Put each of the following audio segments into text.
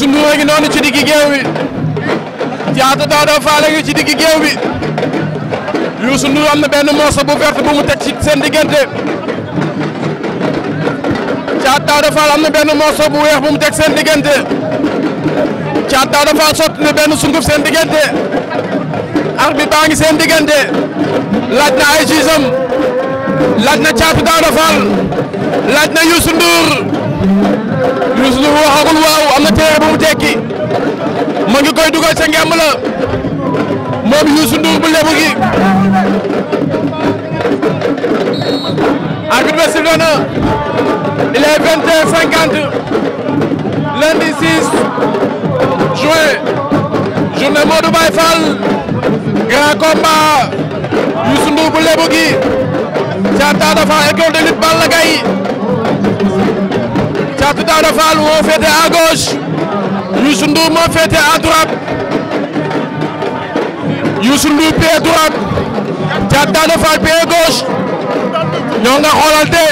Youssou Ndour a ngi noonu ci diggi géew bi Thiatou Daouda Fall a ngi ci diggi géew bi Youssou Ndour am na benn morceau bu verte bu mu teg ci seen diggante Thiatou Daouda Fall am na benn morceau bu weex bu mu teg seen diggante Thiatou Daouda Fall sotti na benn sunguf seen diggante arbitre baa ngi seen diggante laaj na ay gisam laaj na Thiatou Daouda Fall laaj na Youssou Ndour Youssou Ndour waxagul waaw am na bu mu tekki ma ngi koy dugal sa ngemb moom Youssou Ndour bu lebu gi arbitre bi na il est vingt et un cinquante lundi 6 juin journée Modou Baye Fall grand combat Youssou Ndour bu lebu gi Thiatou Daouda de lutte Balla Gaye Ngaaka Daouda Fall moo féete à gauche Youssou Ndour moo féete à droite Youssou Ndour pied droite Ngaaka Daouda Fall pied gauche ñoo nga xoolante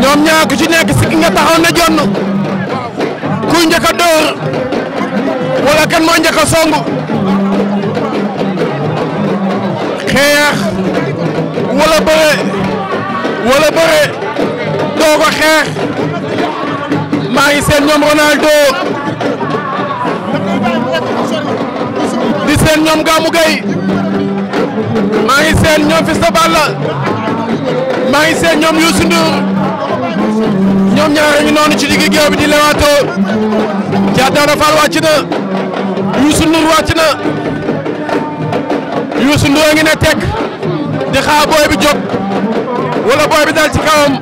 ñoom ñaar ku ci nekk sikki nga taxaw na jonn kuy njëkk a dóor wala kan moo njëkk a song xeex wala bëre wala bëre doo xeex maa ngi seen ñoom Ronaldo di seen ñoom Gamou Gueye maa ngi seen ñoom Fils maa ngi seen ñoom Youssou Ndour ñoom ñaar ñu noonu ci digg géew bi di lewato Diatta Rafal wàcc na Youssou Ndour wàcc na Youssou Ndour a ngi di xaar booy bi jóg wala booy bi dal ci kawam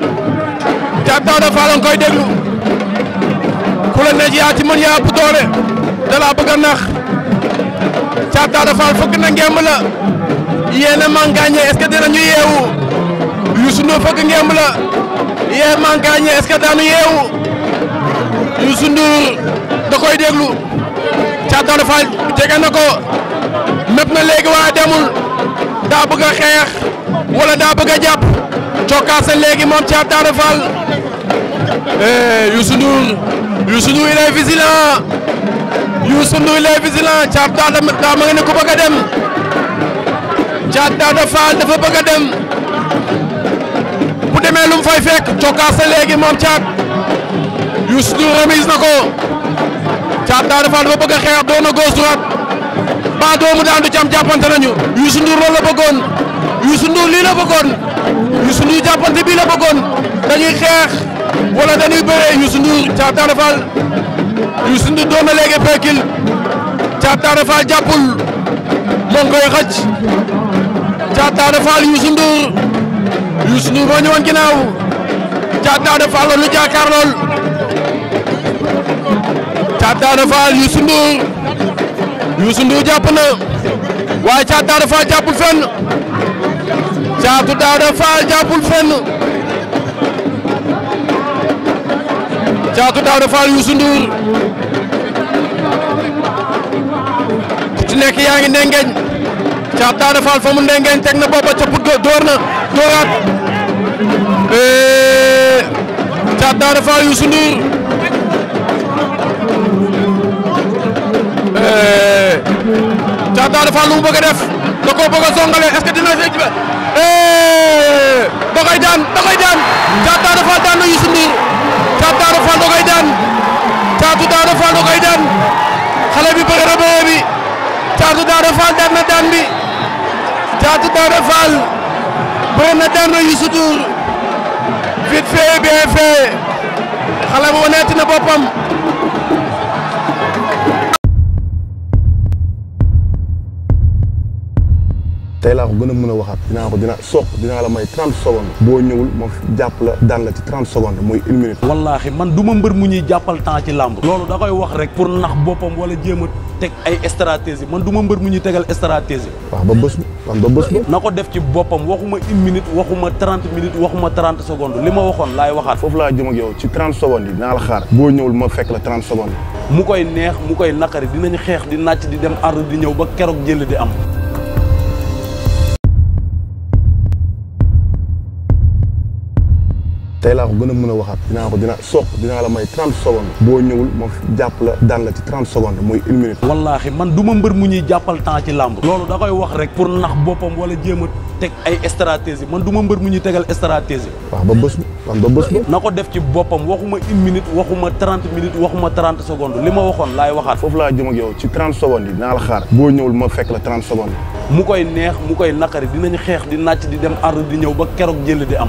Diatta Rafal a koy déglu. ku la nekk mën yaa ëpp doole da a nax Thiatou Daouda na ngemb la yéen a màngaañe est yeewu Youssou Ndour fëgg ngemb la yéen màngaañe yeewu Youssou Ndour da déglu Thiatou jege na ko na léegi waaye demul daa bëgg xeex wala daa bëgg a jàpp cokkaase léegi moom Thiatou Daouda Fall eh, Youssou Youssou Ndour il est vigilant Youssou Ndour il est vigilant Thiatou Daouda Fall ma nga ne ko a dem Thiatou Daouda Fall dafa bëgg a dem bu demee lu fay fekk cokkaas léegi moom Thiatou Youssou Ndour remise na ko Thiatou Daouda Fall dafa bëgg a xeex doon na gauche droite ba doomu daan du jàppante nañu Youssou Ndour loolu la bëggoon Youssou Ndour jàppante bii la bëggoon dañuy xeex wala dañuy bëree Youssou Ndour Thiatou Daouda Fall Youssou Ndour doon na peekil Thiatou Daouda Fall jàppul moo ngi koy xëcc Thiatou Daouda Fall Youssou Ndour Youssou Ndour moo ñëwoon ginnaaw Thiatou Daouda Fall loolu jaakaar lool Thiatou Daouda Fall Youssou Ndour Youssou waaye Thiatou Daouda Fall jàppul fenn Thiatou Daouda Fall jàppul fenn Caatu Daawda Fall Youssou Ndour ku nekk yaa ngi ndengeñ Caatu Daawda Fall fa mu ndengeñ teg na booba ca put door na dooraat eh, Caatu Daawda Fall Youssou Ndour eh, Caatu Daawda Fall lu mu bëgg a def da koo bëgg a songale est-ce ba eh, da daan da koy daan Caatu Daawda Fall daan na Youssou Ndour Pape Daouda Fall da koy daan Thiatou Daouda Fall da koy daan xale bi bëgg na bëyee bi Thiatou Daouda Fall daan na daan bi Thiatou Daouda Fall bëri na daan na Youssou Ndour vite fait bien fait xale bu nekk na boppam. tey mën a waxaat dinaa ko dina soq dinaa la may 30 boo ñëwul ma jàpp la la ci 30 secondes muy une minute wallaahi man du ma mbër mu ñuy jàppal temps ci làmb loolu da koy rek pour nax boppam wala jéem teg ay stratégie man du ma mbër mu ñuy tegal stratégie wax ba bés ba ba bés na ko def ci boppam waxuma une minute waxuma 30 minutes waxuma 30 secondes li ma waxoon laay waxaat foofu laa jëm ak yow ci 30 secondes yi dinaa la xaar boo ñëwul ma fekk la 30 secondes mu koy neex mu koy naqari ñu xeex di nàcc di dem ardu di ñëw ba keroog jël di am tey laa ko gën a mën a waxaat dinaa ko dina soq dinaa la may 30 secondes boo ñëwul ma jàpp la daan la ci 30 secondes mooy une minute wallaahi man du ma mbër mu ñuy jàppal temps ci làmb loolu da koy wax rek pour nax boppam wala jéem a teg ay stratégie man du ma mbër mu ñuy tegal stratégie wax ba bës ba wax ba bés na ko def ci boppam waxuma une minute waxuma 30 minutes waxuma 30 secondes li ma waxoon laay waxaat foofu laa jëm ak yow ci 30 secondes yi dinaa la xaar boo ñëwul ma fekk la 30 secondes mu koy neex mu koy naqari xeex di nàcc di dem ardu di ñëw ba keroog jël di am